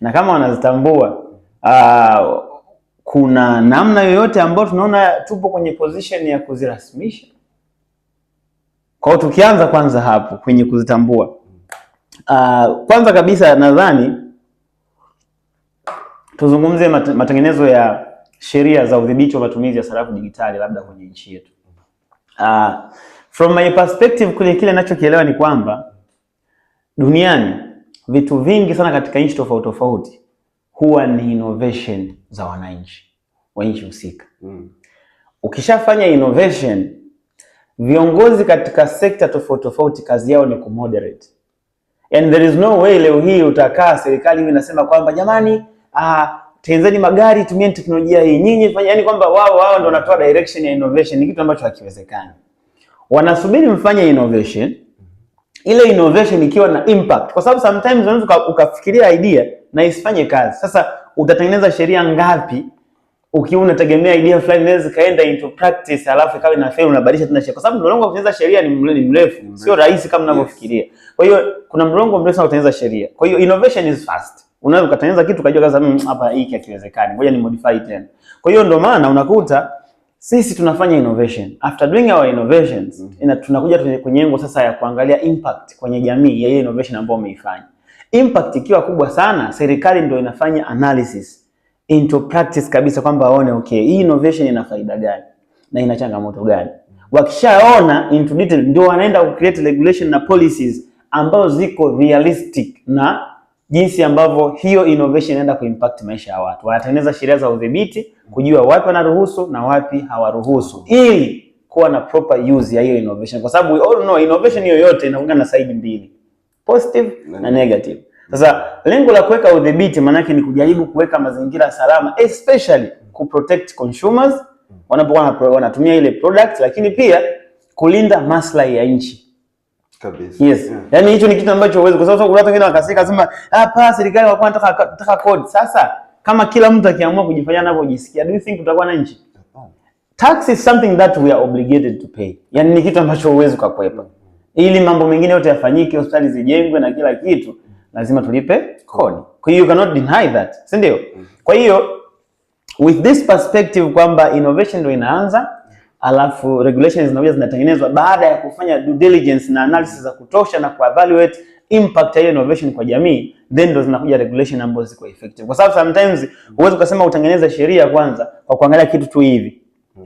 na kama wanazitambua uh, kuna namna yoyote ambayo tunaona tupo kwenye position ya kuzirasimisha? kwao tukianza kwanza hapo kwenye kuzitambua, uh, kwanza kabisa nadhani tuzungumze matengenezo ya sheria za udhibiti wa matumizi ya sarafu digitali labda kwenye nchi yetu. Uh, from my perspective kule kile ninachokielewa ni kwamba duniani vitu vingi sana katika nchi tofauti tofauti huwa ni innovation za wananchi wa nchi husika. Mm. Ukishafanya innovation, viongozi katika sekta tofauti tofauti kazi yao ni ku moderate. And there is no way leo hii utakaa serikali hivi inasema kwamba jamani, ah, tenzeni magari, tumieni teknolojia hii nyinyi, yaani kwamba wao wao ndio wanatoa direction ya innovation. Ni kitu ambacho hakiwezekani. Wanasubiri mfanye innovation ile innovation ikiwa na impact, kwa sababu sometimes unaweza ukafikiria idea na isifanye kazi. Sasa utatengeneza sheria ngapi ukiwa unategemea idea fulani inaweza ikaenda into practice alafu ikawa ina fail, unabadilisha tena sheria, kwa sababu mlolongo wa kutengeneza sheria ni mrefu, sio rahisi kama unavyofikiria. Kwa hiyo kuna mlolongo mrefu sana kutengeneza sheria, kwa hiyo innovation is fast. Unaweza ukatengeneza kitu ukajua kaza, hmm, hapa hiki hakiwezekani, ngoja ni modify tena. Kwa hiyo ndio maana unakuta sisi tunafanya innovation. After doing our innovations, mm -hmm. tunakuja kwenye lengo sasa ya kuangalia impact kwenye jamii ya hiyo innovation ambayo umeifanya. Impact ikiwa kubwa sana, serikali ndio inafanya analysis into practice kabisa kwamba waone okay, hii innovation ina faida gani na ina changamoto gani. Wakishaona into detail ndio wanaenda ku create regulation na policies ambazo ziko realistic na jinsi ambavyo hiyo innovation inaenda kuimpact maisha ya watu. Wanatengeneza sheria za udhibiti kujua wapi wanaruhusu na wapi hawaruhusu ili kuwa na proper use ya hiyo innovation, kwa sababu we all know innovation yoyote inaungana na side mbili, positive na negative. Sasa lengo la kuweka udhibiti maanake ni kujaribu kuweka mazingira salama, especially ku protect consumers wanapokuwa wanatumia ile product, lakini pia kulinda maslahi ya nchi. Kabisa. Yes. Yeah. Yaani hicho ni kitu ambacho huwezi kwa sababu watu wengine wakasika sema hapa ah, serikali wako wanataka nataka kodi. Sasa kama kila mtu akiamua kujifanya anavyojisikia, do you think tutakuwa na nchi? Tax is something that we are obligated to pay. Yaani ni kitu ambacho huwezi kukwepa. Ili mambo mengine yote yafanyike, hospitali zijengwe na kila kitu, lazima tulipe kodi. Kwa hiyo you cannot deny that, si ndio? Mm-hmm. Kwa hiyo with this perspective kwamba innovation ndio inaanza alafu regulations zinakuja zinatengenezwa baada ya kufanya due diligence na analysis za kutosha na kuevaluate impact ya innovation kwa jamii, then ndo zinakuja regulation ambazo ziko effective, kwa sababu sometimes huwezi ukasema utengeneza sheria kwanza kwa kuangalia kitu tu hivi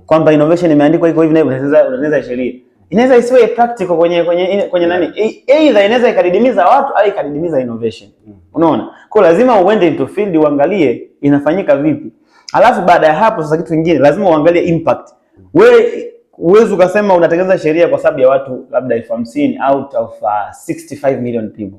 kwamba innovation imeandikwa iko hivi na hivi, unaweza unaweza sheria inaweza isiwe practical kwenye kwenye kwenye nani, either inaweza ikadidimiza watu au ikadidimiza innovation. Mm. Unaona, kwa lazima uende into field uangalie inafanyika vipi, alafu baada ya hapo sasa, kitu kingine lazima uangalie impact We uwezi ukasema unatengeneza sheria kwa sababu ya watu labda elfu hamsini out of uh, 65 million people,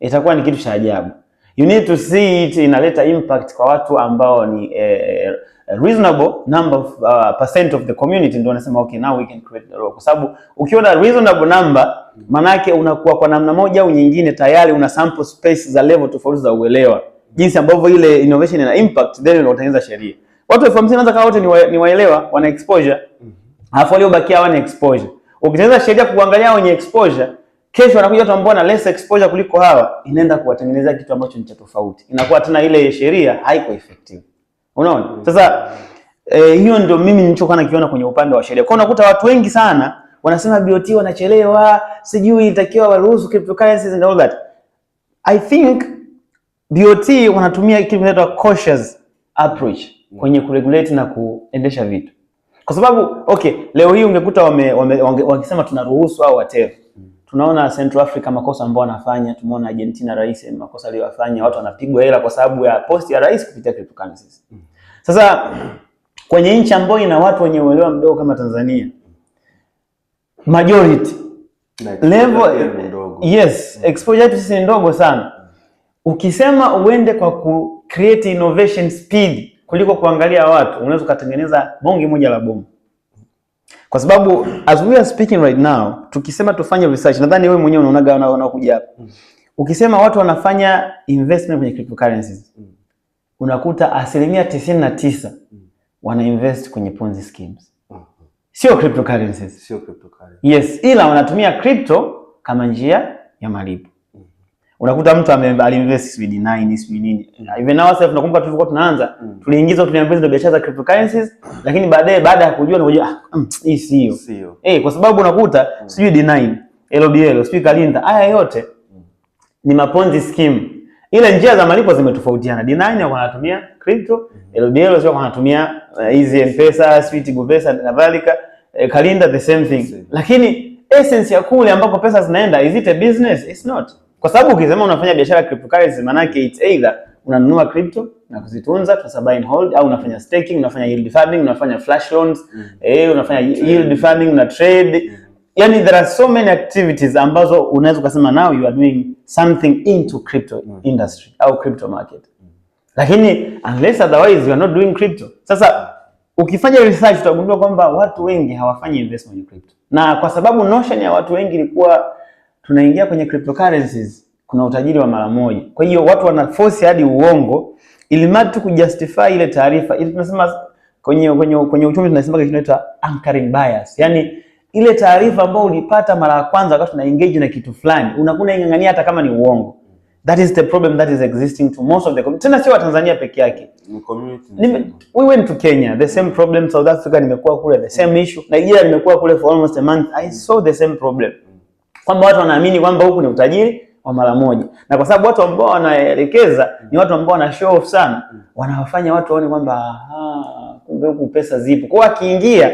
itakuwa ni kitu cha ajabu. You need to see it inaleta impact kwa watu ambao ni eh, eh, reasonable number of, uh, percent of the community, ndio wanasema okay now we can create the law, kwa sababu ukiona reasonable number, manake unakuwa kwa namna moja au nyingine tayari una sample space za level tofauti za uelewa, jinsi ambavyo ile innovation ina impact, then unatengeneza sheria watu elfu hamsini wanaweza kawa wote ni, wa, ni waelewa wana exposure mm -hmm. alafu waliobakia hawana exposure. Ukitengeneza sheria kuangalia wenye exposure, kesho wanakuja watu ambao na less exposure kuliko hawa, inaenda kuwatengenezea kitu ambacho ni cha tofauti, inakuwa tena ile sheria haiko effective. Unaona mm. sasa eh, hiyo ndio mimi nilichokuwa nakiona kwenye upande wa sheria. Kwa hiyo unakuta watu wengi sana wanasema BOT wanachelewa, sijui itakiwa waruhusu cryptocurrencies and all that. I think BOT wanatumia kitu kinaitwa cautious approach kwenye kuregulate na kuendesha vitu, kwa sababu okay, leo hii ungekuta wame, wame, wame, wakisema tunaruhusu au whatever Tunaona Central Africa makosa ambayo wanafanya, tumeona Argentina rais eh, makosa aliyofanya, watu wanapigwa hela kwa sababu ya posti ya rais kupitia cryptocurrencies mm. Sasa kwenye nchi ambayo ina watu wenye uelewa mdogo kama Tanzania majority like level yes, exposure yetu sisi ni ndogo sana. Ukisema uende kwa ku create innovation speed kuliko kuangalia watu, unaweza ukatengeneza bonge moja la bomu, kwa sababu as we are speaking right now, tukisema tufanye research, nadhani wewe mwenyewe unaona unaonaga unaokuja hapa mm. ukisema watu wanafanya investment kwenye cryptocurrencies mm. unakuta asilimia tisini na tisa mm. wanainvest kwenye ponzi schemes, sio cryptocurrencies, sio cryptocurrencies. Yes, ila wanatumia crypto kama njia ya malipo. Unakuta mtu alinvest sijui D9 sijui nini. Mm. Even now sasa tunakumbuka tulikuwa tunaanza, mm. tuliingiza tuliambiwa ndio biashara za cryptocurrencies, lakini baadaye baada ya kujua nikajua ah, mm, hii sio. Sio. Eh, kwa sababu unakuta sijui D9, LBL, sijui Kalinda, haya yote ni maponzi scheme. Ile njia za malipo zimetofautiana. D9 wao wanatumia crypto, LBL mm-hmm. sio wanatumia hizi eh, M-Pesa, sijui Tigo Pesa na kadhalika. Eh, Kalinda the same thing. Lakini essence ya kule ambako pesa zinaenda is it a business? It's not. Kwa sababu ukisema unafanya biashara ya cryptocurrency, maana yake it's either unanunua crypto na kuzitunza tunasema buy and hold, au unafanya staking, unafanya yield farming, unafanya flash loans mm. eh, unafanya yield farming, na trade mm. Yani, there are so many activities ambazo unaweza kusema now you are doing something into crypto mm. industry au crypto market mm. Lakini unless otherwise you are not doing crypto. Sasa ukifanya research utagundua kwamba watu wengi hawafanyi investment in crypto, na kwa sababu notion ya watu wengi ilikuwa tunaingia kwenye cryptocurrencies, kuna utajiri wa mara moja. Kwa hiyo watu wana force hadi uongo ili mad tu kujustify ile taarifa. Ili tunasema kwenye kwenye kwenye uchumi tunasema kitu kinaitwa anchoring bias, yaani ile taarifa ambayo ulipata mara ya kwanza wakati una engage na kitu fulani unakuna ingangania hata kama ni uongo. That is the problem that is existing to most of the community. Tena sio wa Tanzania peke yake. Ni community. Nime, we went to Kenya, the same problem. South Africa nimekuwa kule, the same issue. Nigeria nimekuwa kule for almost a month. I saw the same problem. Mm -hmm kwamba watu wanaamini kwamba huku ni utajiri wa mara moja, na kwa sababu watu ambao wanaelekeza ni watu ambao wana show off sana, wanawafanya watu waone kwamba kumbe huku pesa zipo. Kwa akiingia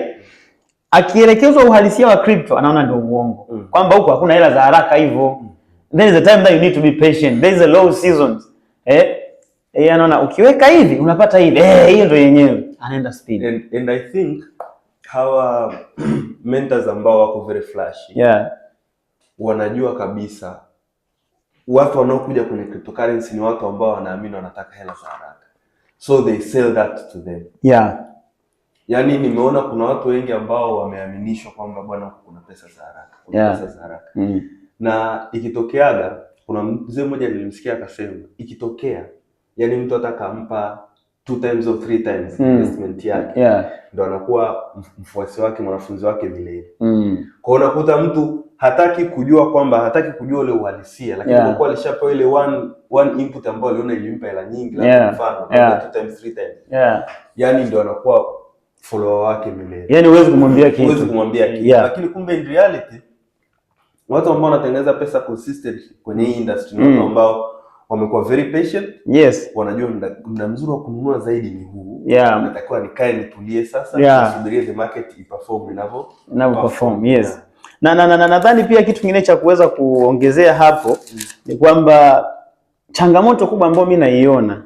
akielekezwa uhalisia wa crypto anaona ndio uongo mm. kwamba huku hakuna hela za haraka hivyo mm. there is a time that you need to be patient, there is a low season eh eh, anaona ukiweka hivi unapata hivi eh, hiyo ndio yenyewe, anaenda speed and, and I think hawa mentors ambao wako very flashy yeah wanajua kabisa watu wanaokuja kwenye cryptocurrency ni watu ambao wanaamini wanataka hela za haraka, so they sell that to them yeah. Yani nimeona kuna watu wengi ambao wameaminishwa kwamba bwana, kuna pesa za haraka, kuna yeah. pesa za haraka mm na ikitokeaga, kuna mzee mmoja nilimsikia akasema, ikitokea yani mtu atakampa two times or three times mm. investment yake yeah. ndo anakuwa mfuasi wake mwanafunzi wake vile mm. kwa unakuta mtu hataki kujua kwamba hataki kujua ule uhalisia, lakini yeah. kwa alishapewa ile one one input ambayo aliona ilimpa hela nyingi, labda yeah. mfano yeah. two times three times yeah. yani ndio anakuwa follower wake milele, yani huwezi kumwambia kitu, huwezi kumwambia kitu yeah. lakini kumbe in reality watu ambao wanatengeneza pesa consistent kwenye hii industry mm. watu ambao wamekuwa very patient yes, wanajua muda mzuri wa kununua zaidi ni huu yeah. natakiwa nikae nitulie sasa, nisubirie yeah. the market iperform inavyo inavyo perform yes yeah na nadhani na, na, na, pia kitu kingine cha kuweza kuongezea hapo ni kwamba changamoto kubwa ambayo mimi naiona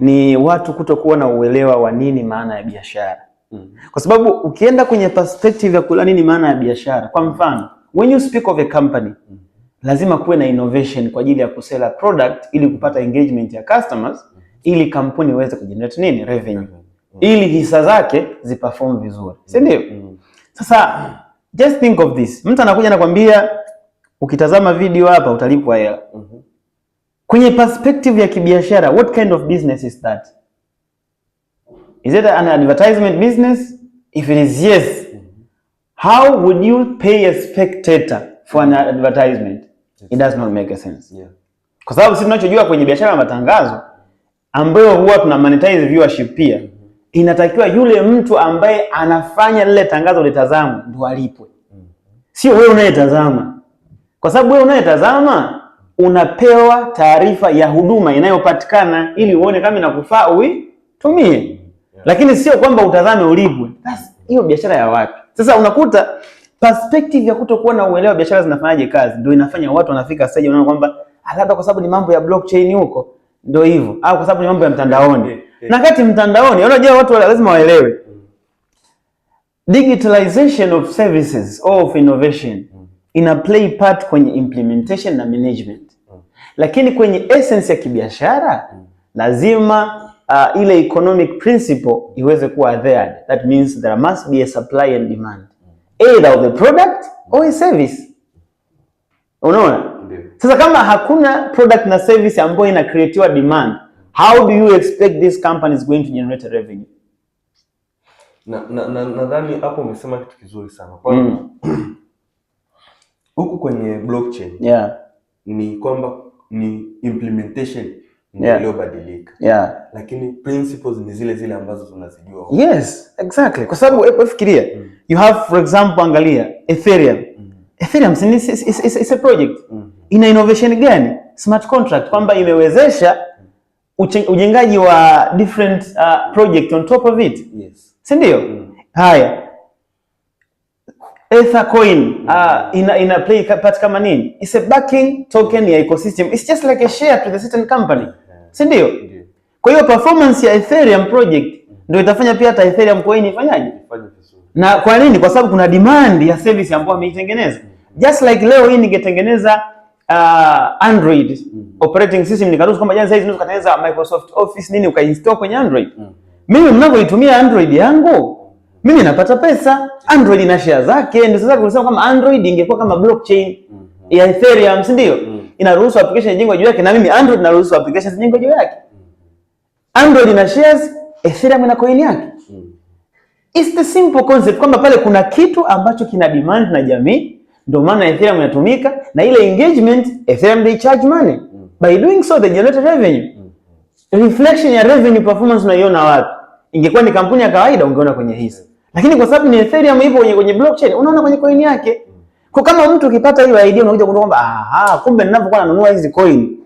ni watu kutokuwa na uelewa wa nini maana ya biashara, mm. kwa sababu ukienda kwenye perspective ya kula nini maana ya biashara, kwa mfano when you speak of a company mm. lazima kuwe na innovation kwa ajili ya kusela product ili kupata engagement ya customers mm. ili kampuni iweze kujenerate nini revenue, ili hisa zake ziperform vizuri, si ndio? Sasa Just think of this. Mtu anakuja anakuambia ukitazama video hapa utalipwa hela. Mm -hmm. Kwenye perspective ya kibiashara, what kind of business is that? Is it an advertisement business? If it is yes, mm -hmm. How would you pay a spectator for an advertisement? It does not make a sense. Yeah. Kwa sababu sisi tunachojua kwenye biashara ya matangazo ambayo huwa tuna monetize viewership pia Mm-hmm inatakiwa yule mtu ambaye anafanya lile tangazo litazamwe ndo alipwe, sio wewe unayetazama, kwa sababu wewe unayetazama unapewa taarifa ya huduma inayopatikana ili uone kama inakufaa uitumie, lakini sio kwamba utazame ulipwe. Hiyo biashara ya wapi? Sasa unakuta perspective ya kutokuwa na uelewa biashara zinafanyaje kazi ndio inafanya watu wanafika stage wanaona kwamba ah, labda kwa sababu ni mambo ya blockchain huko ndio hivyo, au kwa sababu ni mambo ya mtandaoni yeah na kati mtandaoni, unajua watu lazima waelewe digitalization of services or of innovation ina play part kwenye implementation na management, lakini kwenye essence ya kibiashara lazima uh, ile economic principle iweze kuwa there. That means there must be a supply and demand either of the product or a service. Unaona sasa, kama hakuna product na service ambayo ina creatiwa demand how do you expect this company is going to generate revenue? Nadhani na, na, na hapo umesema kitu kizuri sana kwa mm. huku kwenye blockchain yeah. ni kwamba ni implementation iliyobadilika yeah. yeah. Lakini principles ni zile zile ambazo tunazijua. Yes, exactly. Kwa sababu hebu fikiria mm. you have for example, angalia Ethereum mm. Ethereum is, is, is, is a project mm. ina innovation gani? Smart contract kwamba imewezesha ujengaji wa different uh, project on top of it yes. si ndio? mm. Haya, Ether coin uh, mm. ina, ina play part kama nini? It's a backing token ya ecosystem. It's just like a share to the certain company si ndio? yeah. Kwa hiyo performance ya Ethereum project mm. ndio itafanya pia hata Ethereum coin ifanyaje? Na kwa nini? Kwa sababu kuna demand ya service ambayo ameitengeneza. Mm. Just like leo hii ningetengeneza uh, Android mm -hmm. operating system nikaruhusu kwamba jana saizi unaweza kutengeneza Microsoft Office nini ukainstall kwenye Android mm -hmm. mimi mnavyoitumia Android yangu mimi napata pesa, Android ina share zake. Ndio sasa tunasema kama Android ingekuwa kama blockchain mm -hmm. ya Ethereum, si ndio? mm -hmm. inaruhusu application jengwe juu yake, na mimi Android naruhusu application jengwe juu yake. Mm. Android ina shares, Ethereum ina coin yake. mm -hmm. It's the simple concept kwamba pale kuna kitu ambacho kina demand na jamii ndio maana Ethereum inatumika na ile engagement. Ethereum they charge money mm. by doing so they generate revenue mm. reflection ya revenue performance unaiona wapi? Ingekuwa ni kampuni ya kawaida ungeona kwenye hisa, lakini kwa sababu ni Ethereum ipo kwenye kwenye blockchain, unaona kwenye coin yake. Kwa kama mtu ukipata hiyo idea unakuja kuona kwamba aha, kumbe ninapokuwa nanunua hizi coin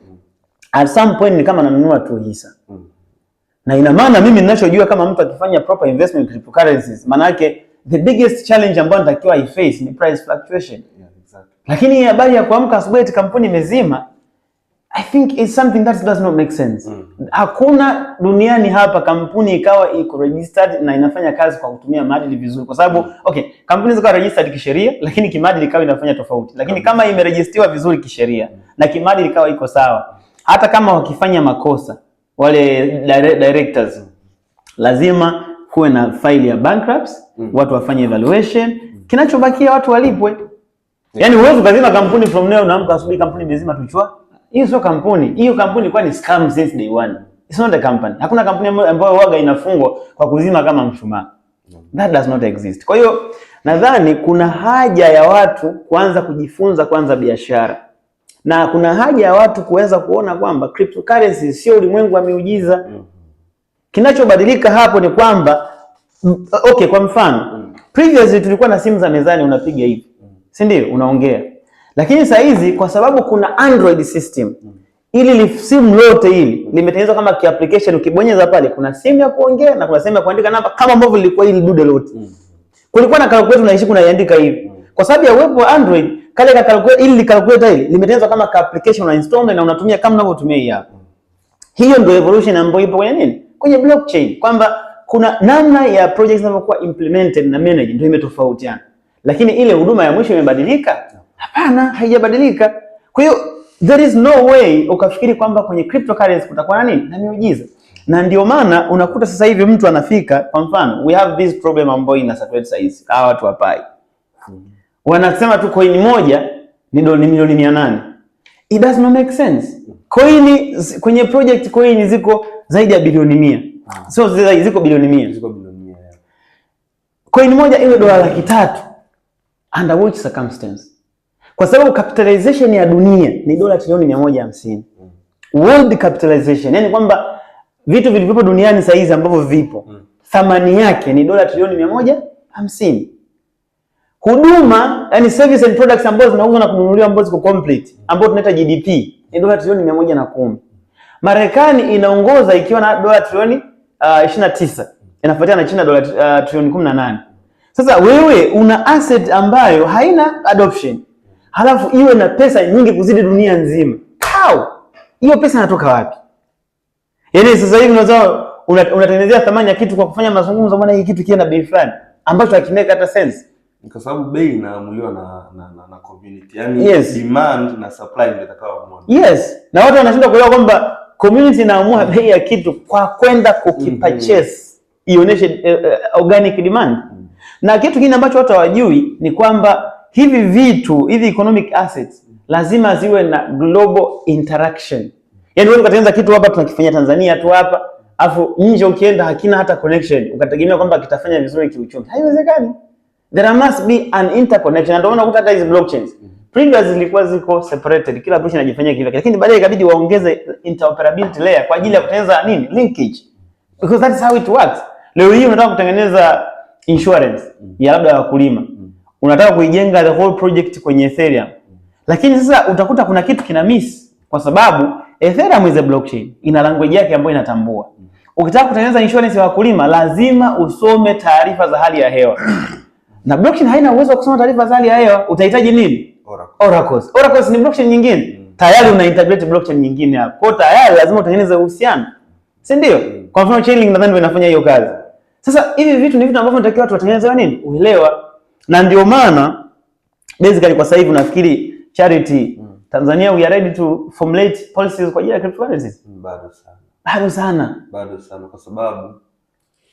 at some point ni kama nanunua tu hisa mm. na ina maana mimi ninachojua kama mtu akifanya proper investment in cryptocurrencies, maana yake the biggest challenge ambayo natakiwa i face ni price fluctuation. Yeah, exactly. Lakini habari ya kuamka asubuhi eti kampuni imezima I think it's something that does not make sense. Mm. Hakuna duniani hapa kampuni ikawa iko registered na inafanya kazi kwa kutumia maadili vizuri kwa sababu mm. Okay, kampuni zikawa registered kisheria lakini kimaadili ikawa inafanya tofauti. Lakini mm. kama imeregistiwa vizuri kisheria mm. na kimaadili ikawa iko sawa. Hata kama wakifanya makosa wale directors mm. lazima kuwe na faili ya bankruptcy mm. watu wafanye evaluation mm. kinachobakia watu walipwe. Yeah. Yaani huwezi kazima kampuni from leo na mko asubuhi kampuni imezima tuchwa. Hiyo sio kampuni. Hiyo kampuni kwa ni scam since day one. It's not a company. Hakuna kampuni ambayo waga inafungwa kwa kuzima kama mshumaa. Mm. That does not exist. Kwa hiyo nadhani kuna haja ya watu kuanza kujifunza kwanza biashara. Na kuna haja ya watu kuweza kuona kwamba cryptocurrency sio ulimwengu wa miujiza. Mm. Kinachobadilika hapo ni kwamba mm, okay, kwa mfano previously tulikuwa na simu za mezani, unapiga hivi, si ndio? Unaongea, lakini saa hizi kwa sababu kuna Android system ili li simu lote hili limetengenezwa kama ki application, ukibonyeza pale kuna simu ya kuongea na kuna simu ya kuandika namba, kama ambavyo lilikuwa hili dude lote. Mm. Kulikuwa na calculator unaishi kunaiandika hivi, mm. kwa sababu ya uwepo wa Android kale ka calculator, ili li calculator hili limetengenezwa kama ka application una install na unatumia kama unavyotumia hii hapa. Hiyo ndio evolution ambayo ipo kwenye nini kwenye blockchain kwamba kuna namna ya projects zinavyokuwa implemented na managed ndio imetofautiana, lakini ile huduma ya mwisho imebadilika? Hapana, haijabadilika. Kwa hiyo there is no way ukafikiri kwamba kwenye cryptocurrency kutakuwa na nini na miujiza, na ndio maana unakuta sasa hivi mtu anafika, kwa mfano we have this problem ambayo ina saturate size, hawa watu wapai wanasema tu coin moja ni milioni 800 it does not make sense Coin kwenye project coin ziko zaidi ya bilioni mia. Ah. Sio zaidi ziko bilioni mia. Ziko bilioni mia. Coin moja iwe dola laki tatu under which circumstance? Kwa sababu capitalization ya dunia ni dola trilioni 150. Mm. World capitalization, yani kwamba vitu vilivyopo duniani sasa hizi ambavyo vipo, mm. thamani yake ni dola trilioni 150. Huduma, yani service and products ambazo zinauzwa na kununuliwa ambazo ziko complete, ambazo tunaita GDP ni dola trilioni mia moja na kumi. Marekani inaongoza ikiwa na dola trilioni uh, ishirini na tisa inafuatia na China dola uh, trilioni kumi na nane. Sasa wewe una asset ambayo haina adoption halafu iwe na pesa nyingi kuzidi dunia nzima. How? Hiyo pesa inatoka wapi? Yaani sasa hivi unaweza unatengenezea thamani ya kitu kwa kufanya mazungumzo, maana hii kitu kile na bei fulani ambacho hakimeka hata sense ni kwa sababu bei inaamuliwa na, na, na, na community yani, yes. demand na supply ndio itakayoamua. Yes, na watu wanashinda kuelewa kwamba community inaamua mm. bei ya kitu kwa kwenda kukipurchase mm -hmm. ionyeshe uh, organic demand mm na kitu kingine ambacho watu hawajui ni kwamba hivi vitu hivi economic assets mm. lazima ziwe na global interaction. Yaani wewe ukatengeneza kitu hapa tunakifanyia Tanzania tu hapa, afu nje ukienda hakina hata connection, ukategemea kwamba kitafanya vizuri kiuchumi, haiwezekani. There must be an interconnection. Ndio unakuta hata hizi blockchains previous zilikuwa ziko separated, kila blockchain inajifanyia kile, lakini baadaye ikabidi waongeze interoperability layer kwa ajili ya kutengeneza nini, linkage, because that is how it works. Leo hii unataka kutengeneza insurance ya labda ya wakulima, unataka kuijenga the whole project kwenye Ethereum, lakini sasa utakuta kuna kitu kina miss, kwa sababu Ethereum is a blockchain, ina language yake ambayo inatambua. Ukitaka kutengeneza insurance ya wakulima, lazima usome taarifa za hali ya hewa na blockchain haina uwezo wa kusoma taarifa za hali ya hewa, utahitaji nini? Oracle. Oracles. Oracles ni blockchain nyingine. Mm. Tayari una integrate blockchain nyingine hapo. Kwa tayari lazima utengeneze uhusiano. Si ndio? Mm. Kwa mfano Chainlink nadhani ndio inafanya hiyo kazi. Sasa hivi vitu ni vitu ambavyo tunatakiwa watu watengeneze wa nini? Uelewa. Na ndio maana basically kwa sasa hivi nafikiri Charity mm. Tanzania we are ready to formulate policies kwa ajili ya cryptocurrencies? Mm, bado sana. Bado sana. Bado sana kwa sababu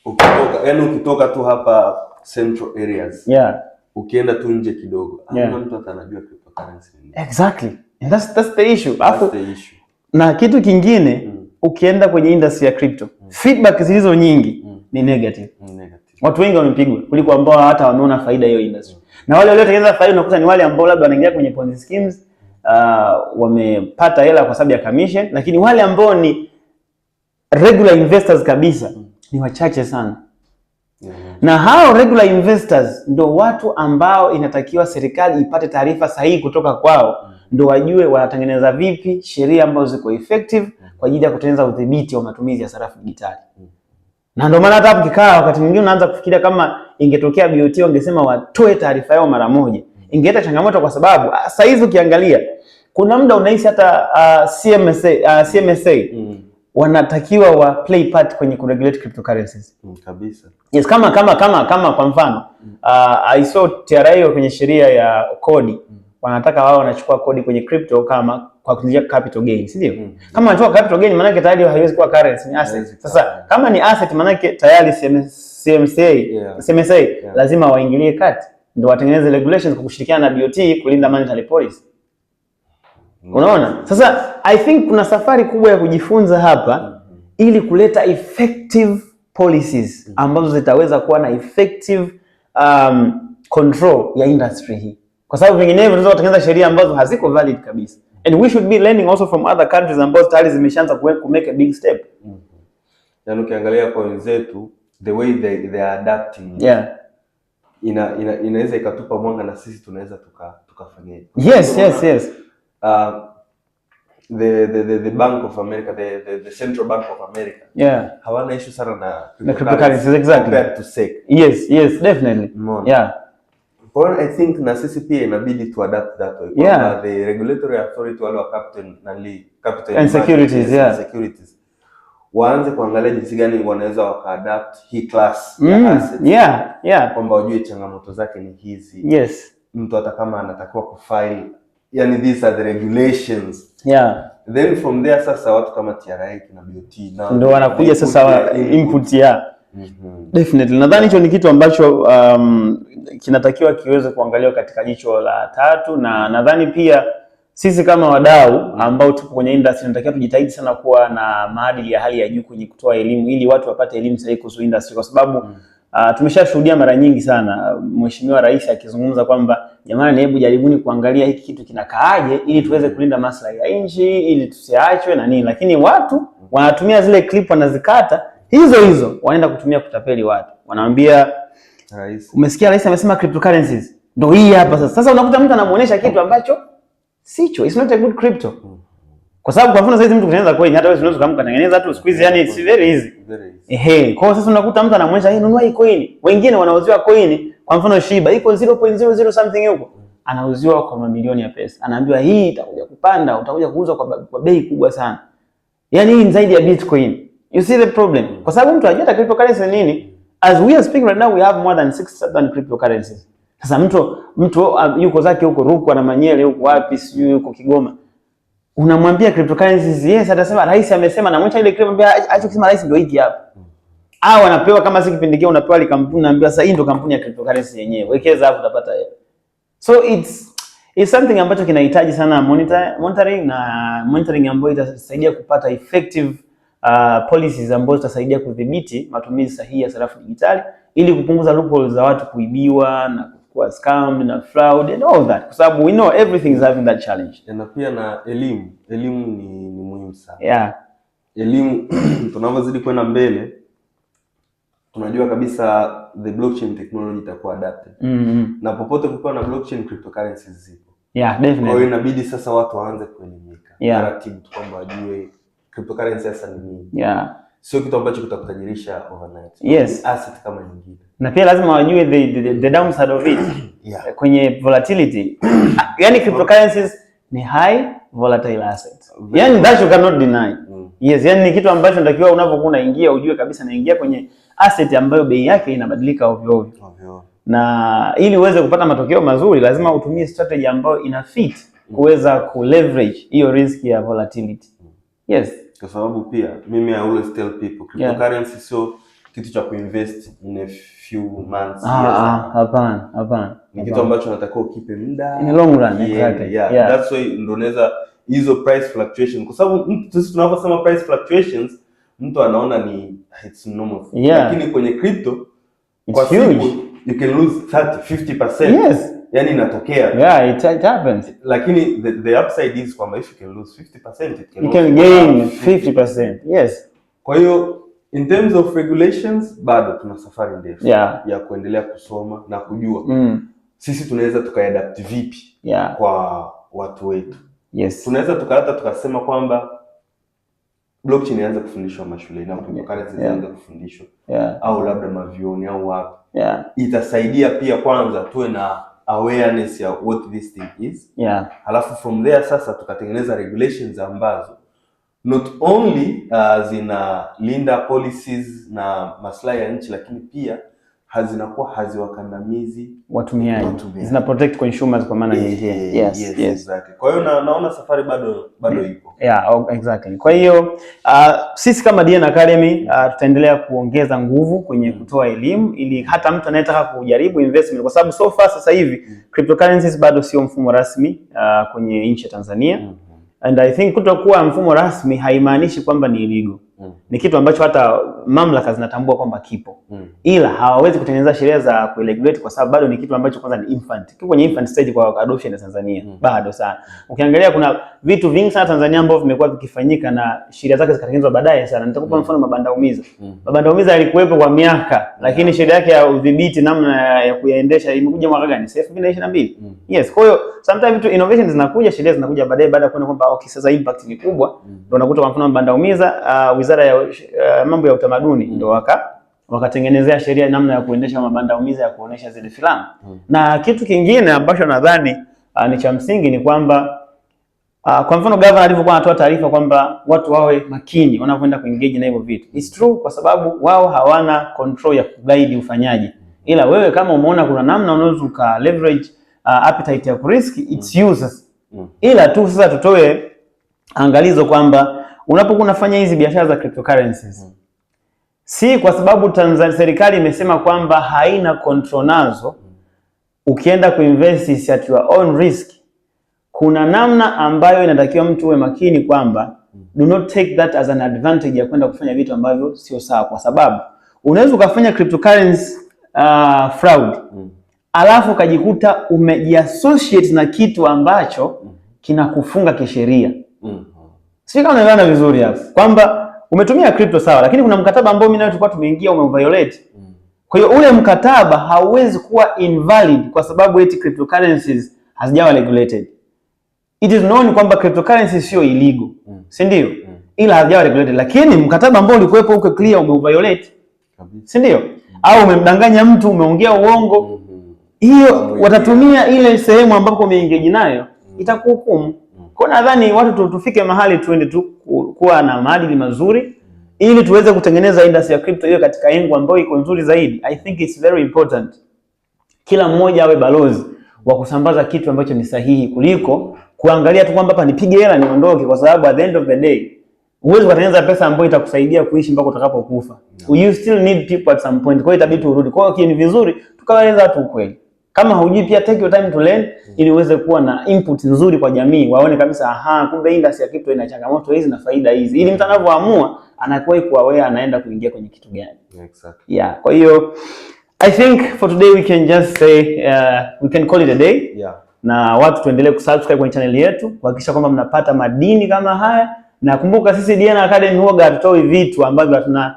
ukitoka yani ukitoka tu hapa central areas yeah, ukienda tu nje kidogo yeah, mtu atanajua cryptocurrency exactly, and that's that's the issue, that's the issue. Na kitu kingine mm, ukienda kwenye industry ya crypto mm, feedback zilizo nyingi mm, ni negative, ni negative. Watu wengi wamepigwa kuliko ambao hata wameona faida hiyo industry mm, na wale waliotengeneza faida unakuta ni wale ambao labda wanaingia kwenye ponzi schemes uh, wamepata hela kwa sababu ya commission, lakini wale ambao ni regular investors kabisa mm ni wachache sana mhm. na hao regular investors ndo watu ambao inatakiwa serikali ipate taarifa sahihi kutoka kwao mhm. ndo wajue wanatengeneza vipi sheria ambazo ziko effective mhm. kwa ajili ya kutengeneza udhibiti wa matumizi ya sarafu digitali Na ndio maana hata ukikaa wakati mwingine unaanza kufikiria kama ingetokea BOT wangesema watoe taarifa yao mara moja, ingeleta changamoto, kwa sababu ah, saa hizi ukiangalia kuna muda unahisi hata uh, ah, CMSA, uh, ah, CMSA mm wanatakiwa wa play part kwenye ku regulate cryptocurrencies. Mm, kabisa. Yes, kama kama kama kama kwa mfano mm. uh, I saw TRA kwenye sheria ya kodi mm. wanataka wao wanachukua kodi kwenye crypto kama kwa kutumia capital gain, si ndio? Mm. Kama wanachukua capital gain maana yake tayari haiwezi kuwa currency, ni asset. Yes, sasa yeah. Kama ni asset maana yake tayari CMCA yeah. CMCA yeah. lazima waingilie kati ndio watengeneze regulations kwa kushirikiana na BOT kulinda monetary policy. Mm-hmm. Unaona? Sasa I think kuna safari kubwa ya kujifunza hapa mm-hmm. ili kuleta effective policies mm-hmm. ambazo zitaweza kuwa na effective um, control ya industry hii, kwa sababu vinginevyo tunaweza kutengeneza sheria ambazo haziko valid kabisa, and we should be learning also from other countries ambazo tayari zimeshaanza ku make a big step. Na ukiangalia kwa wenzetu the way they, they are adapting yeah, ina, ina, inaweza ikatupa mwanga na sisi tunaweza tuka tukafanyaje? Yes, yes, yes. Uh, the, the, the, the Bank of America, the, the, the Central Bank of America. Yeah. Hawana issue sana na na cryptocurrencies exactly. Compared to SEC. Yes, yes, definitely. Mm. Yeah. for I think na sisi pia inabidi to adapt that way. Yeah. The regulatory authority wale wa capital na li capital and securities, yeah. And securities. Waanze kuangalia jinsi gani wanaweza wakaadapt hii class mm. ya assets. Yeah, yeah. Kwamba wajue changamoto zake ni hizi. Yes. Mtu hata kama anatakiwa kufile yani these are the regulations. Yeah. Then from there sasa watu kama TRA na BOT na ndio wanakuja sasa input ya mm -hmm. Definitely. Nadhani hicho ni kitu ambacho um, kinatakiwa kiweze kuangaliwa katika jicho la tatu na nadhani pia sisi kama wadau ambao tupo kwenye industry tunatakiwa tujitahidi sana kuwa na maadili ya hali ya juu kwenye kutoa elimu ili watu wapate elimu sahihi kuhusu industry kwa sababu mm -hmm. Uh, tumeshashuhudia mara nyingi sana ah, Mheshimiwa Rais akizungumza kwamba jamani, hebu jaribuni kuangalia hiki kitu kinakaaje ili tuweze kulinda maslahi ya nchi ili tusiachwe na nini, lakini watu wanatumia zile clip wanazikata hizo hizo, wanaenda kutumia kutapeli watu, wanaambia rais, umesikia rais amesema cryptocurrencies ndio hii hapa sasa. Sasa unakuta mtu anamuonesha kitu ambacho sicho, it's not a good crypto. Hmm. Kwa sababu kwa mfano sasa hizi mtu kutengeneza coin hata wewe unaweza tengeneza tu siku hizi, yani it's very easy. Ehe, kwa hiyo sasa unakuta mtu anamwonyesha hii, nunua hii coin. Wengine wanauziwa coin, kwa mfano Shiba iko 0.00 something huko. Anauziwa kwa mamilioni ya pesa. Anaambiwa hii itakuja kupanda, utakuja kuuza kwa, kwa bei kubwa sana. Yaani hii ni zaidi ya Bitcoin. You see the problem. Mm. Kwa sababu mtu hajui hata cryptocurrency nini. As we are speaking right now we have more than 6,000 cryptocurrencies. Sasa mtu mtu uh, yuko zake huko Rukwa na Manyele huko wapi sijui yuko Kigoma unamwambia cryptocurrencies yes, atasema rais amesema, na mwacha ile crypto acha kusema rais ndio hiki hapa. Au anapewa kama si kipindi kile, unapewa ile kampuni, naambiwa sasa hii ndio kampuni ya cryptocurrency yenyewe, wekeza hapo utapata hela. So it's it's something ambacho kinahitaji sana monitor, monitoring na monitoring ambayo itasaidia kupata effective uh, policies ambazo zitasaidia kudhibiti matumizi sahihi ya sarafu digitali ili kupunguza loopholes za watu kuibiwa na kuwa scam na fraud and all that, kwa sababu we know everything is having that challenge. Na pia na elimu, elimu ni, ni muhimu sana yeah. Elimu tunavyozidi kwenda mbele tunajua kabisa the blockchain technology itakuwa adapted mm -hmm. na popote kukiwa na blockchain cryptocurrencies zipo yeah, definitely. Kwa hiyo inabidi sasa watu waanze kuelimika taratibu yeah. tu kwamba wajue cryptocurrency sasa ni nini yeah sio kitu ambacho kitakutajirisha overnight. Yes. Asset kama nyingine. Na pia lazima wajue the, the, the downside of it. Yeah. Kwenye volatility. Yaani cryptocurrencies ni high volatile asset. Yaani that you cannot deny. Mm. Yes, yaani ni kitu ambacho unatakiwa unapokuwa unaingia ujue kabisa naingia kwenye asset ambayo bei yake inabadilika ovyo ovyo. Ovyo. Na ili uweze kupata matokeo mazuri lazima utumie strategy ambayo ina fit mm. kuweza ku leverage hiyo risk ya volatility. Mm. Yes kwa sababu pia mimi I always tell people cryptocurrency yeah. sio kitu cha kuinvest in a few months. Ah, ah hapana, hapana. Ni kitu ambacho unatakiwa ukipe muda in the long run. yeah, Exactly. Yeah. Yeah. That's why ndo unaweza hizo price fluctuation, kwa sababu sisi tunaposema price fluctuations mtu anaona ni it's normal. Yeah. Lakini kwenye crypto it's kwa huge. Simple, you can lose 30, 50%. Yes yani inatokea yeah, it, it happens, lakini the, the upside is kwamba if you can lose 50% it can, you can gain 50%. 50%. Yes, kwa hiyo in terms of regulations bado tuna safari ndefu yeah, ya kuendelea kusoma na kujua mm, sisi tunaweza tukaadapt vipi yeah, kwa watu wetu. Yes, tunaweza tukaata tukasema kwamba blockchain inaanza kufundishwa mashuleni au cryptocurrency inaanza kufundishwa yeah, au labda mavioni au wapi yeah, itasaidia pia kwanza tuwe na awareness ya what this thing is yeah. Alafu from there sasa tukatengeneza regulations ambazo not only uh, zinalinda policies na maslahi ya nchi, lakini pia hazinakuwa haziwakandamizi watumiaji, zina protect consumers kwa maana nyingine. Yes, yes, yes, yes. Exactly. Kwa hiyo na, naona safari bado bado mm. ipo. Yeah, oh, exactly. Kwa hiyo uh, sisi kama DN Academy uh, tutaendelea kuongeza nguvu kwenye mm. kutoa elimu ili hata mtu anayetaka kujaribu investment, kwa sababu so far sasa hivi mm. cryptocurrencies bado sio mfumo rasmi uh, kwenye nchi ya Tanzania mm -hmm. and I think kutokuwa mfumo rasmi haimaanishi kwamba ni illegal mm ni kitu ambacho hata mamlaka zinatambua kwamba kipo mm. ila hawawezi kutengeneza sheria za kuregulate kwa sababu bado ni kitu ambacho kwanza ni infant, kiko kwenye infant stage kwa adoption ya Tanzania mm. bado sana. Ukiangalia kuna vitu vingi sana Tanzania ambavyo vimekuwa vikifanyika na sheria zake zikatengenezwa baadaye sana. Nitakupa hmm. mfano mm. mabanda umiza mm. mabanda umiza yalikuwepo kwa miaka, lakini sheria yake ya udhibiti namna ya kuyaendesha imekuja mwaka gani? 2022 mm. yes. Kwa hiyo sometimes vitu innovation zinakuja, sheria zinakuja baadaye, baada ya kuona kwamba okay, sasa impact ni kubwa, hmm. ndio mm. unakuta kwa mfano mabanda umiza uh, wizara ya uh, mambo ya utamaduni ndio mm. waka wakatengenezea sheria namna ya kuendesha mabanda umiza ya kuonesha zile filamu mm. na kitu kingine ambacho nadhani uh, ni cha msingi ni kwamba uh, kwa mfano governor alivyokuwa anatoa taarifa kwamba watu wawe makini wanapoenda kuengage na hivyo vitu, it's true, kwa sababu wao hawana control ya kuguide ufanyaji, ila wewe kama umeona kuna namna unaweza uka leverage uh, appetite ya kuriski its mm. uses mm. ila tu sasa tutoe angalizo kwamba unapokuwa unafanya hizi biashara za cryptocurrencies mm. si kwa sababu Tanzania serikali imesema kwamba haina control nazo mm. ukienda kuinvest at your own risk, kuna namna ambayo inatakiwa mtu uwe makini kwamba mm. do not take that as an advantage ya kwenda kufanya vitu ambavyo sio sawa, kwa sababu unaweza ukafanya cryptocurrency uh, fraud mm. alafu ukajikuta umejiassociate na kitu ambacho hmm. kinakufunga kisheria mm. Sisi unaelewana vizuri hapo kwamba umetumia crypto sawa, lakini kuna mkataba ambao mimi nawe tulikuwa tumeingia umeuviolate. Mm. Kwa hiyo ule mkataba hauwezi kuwa invalid kwa sababu eti cryptocurrencies hazijawa regulated. It is known kwamba cryptocurrency sio illegal, mm. si ndio? mm. Ila hazijawa regulated, lakini mkataba ambao ulikuwepo uko clear umeuviolate, si ndio? mm. Au umemdanganya mtu, umeongea uongo, mm -hmm. hiyo watatumia ile sehemu ambapo umeengage nayo mm. itakuhukumu. mm. Kwa nadhani watu tufike mahali tuende tu kuwa na maadili mazuri ili tuweze kutengeneza industry ya crypto hiyo katika engo ambayo iko nzuri zaidi. I think it's very important. Kila mmoja awe balozi wa kusambaza kitu ambacho ni sahihi kuliko kuangalia tu kwamba hapa nipige hela niondoke, kwa sababu at the end of the day huwezi kutengeneza pesa ambayo itakusaidia kuishi mpaka utakapokufa. You still need people at some point. Kwa hiyo itabidi urudi. Kwa hiyo ni vizuri tukaeleza watu ukweli. Kama hujui pia take your time to learn mm. ili uweze kuwa na input nzuri kwa jamii, waone kabisa aha, kumbe industry ya crypto ina changamoto hizi na faida hizi, ili mtu anavyoamua anakuwa iko aware anaenda kuingia kwenye kitu gani. Exactly. Yeah, kwa hiyo I think for today we can just say uh, we can call it a day. Yeah. Na watu tuendelee kusubscribe kwenye channel yetu kuhakikisha kwamba mnapata madini kama haya, na kumbuka sisi Diena Academy huwa hatutoi vitu ambavyo hatuna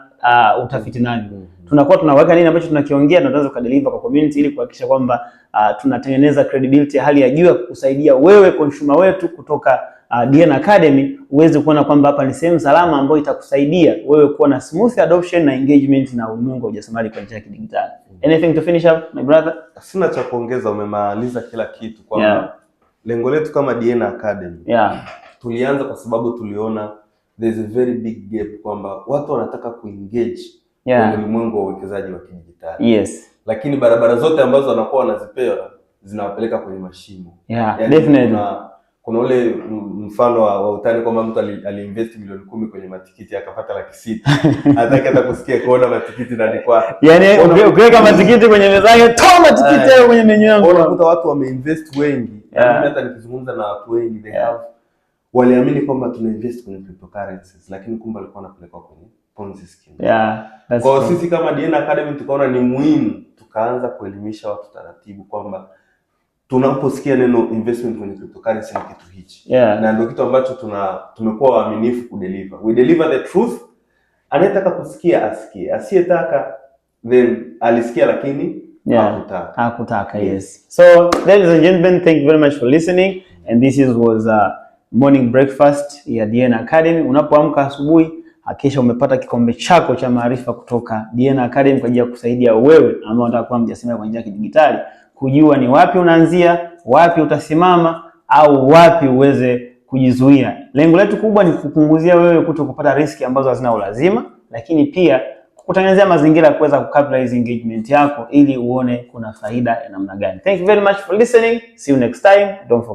uh, utafiti nani mm tunakuwa tunaweka nini ambacho tunakiongea na tunaweza kudeliver kwa community ili kuhakikisha kwamba uh, tunatengeneza credibility hali ya juu ya kukusaidia wewe consumer wetu kutoka uh, ah, DN Academy uweze kuona kwamba hapa ni sehemu salama ambayo itakusaidia wewe kuwa na smooth adoption na engagement na ulimwengu wa ujasiriamali kwa njia ya kidijitali. Mm-hmm. Anything to finish up my brother? Sina cha kuongeza, umemaliza kila kitu kwa yeah. Lengo letu kama DN Academy yeah. Tulianza kwa sababu tuliona there's a very big gap kwamba watu wanataka kuengage yeah. ulimwengu wa uwekezaji wa kidijitali yes. Lakini barabara zote ambazo wanakuwa wanazipewa zinawapeleka kwenye mashimo yeah, yani definitely. Kuna, kuna ule mfano wa, wa utani kwamba mtu aliinvest ali milioni kumi kwenye matikiti akapata laki sita hataki hata kusikia kuona matikiti ndani kwake, yani ukiweka matikiti kwenye meza yake, toa matikiti hayo kwenye menyu yangu. Unakuta watu wameinvest wengi yaani yeah. Hata nikizungumza na watu wengi they have waliamini kwamba tunainvest kwenye cryptocurrencies, lakini kumbe alikuwa anapelekwa kwenye Ponzi Yeah, that's kwa true. Sisi kama DNA Academy tukaona ni muhimu tukaanza kuelimisha watu taratibu kwamba tunaposikia neno investment kwenye cryptocurrency ni kitu hichi. Yeah. Na ndio kitu ambacho tuna tumekuwa waaminifu kudeliver. We deliver the truth. Anayetaka kusikia asikie, asiyetaka then alisikia lakini yeah. hakutaka. Hakutaka, yes. So ladies and gentlemen, thank you very much for listening and this is was a uh, morning breakfast ya Academy. Unapoamka asubuhi hakikisha umepata kikombe chako cha maarifa kutoka DNA Academy kwa ajili ya kusaidia wewe ambao unataka kuwa mjasiriamali kwa njia ya kidijitali kujua ni wapi unaanzia, wapi utasimama au wapi uweze kujizuia. Lengo letu kubwa ni kupunguzia wewe kuto kupata riski ambazo hazina ulazima, lakini pia kukutengenezea mazingira ya kuweza kucapitalize engagement yako ili uone kuna faida ya namna gani. Thank you very much for listening. See you next time. Don't forget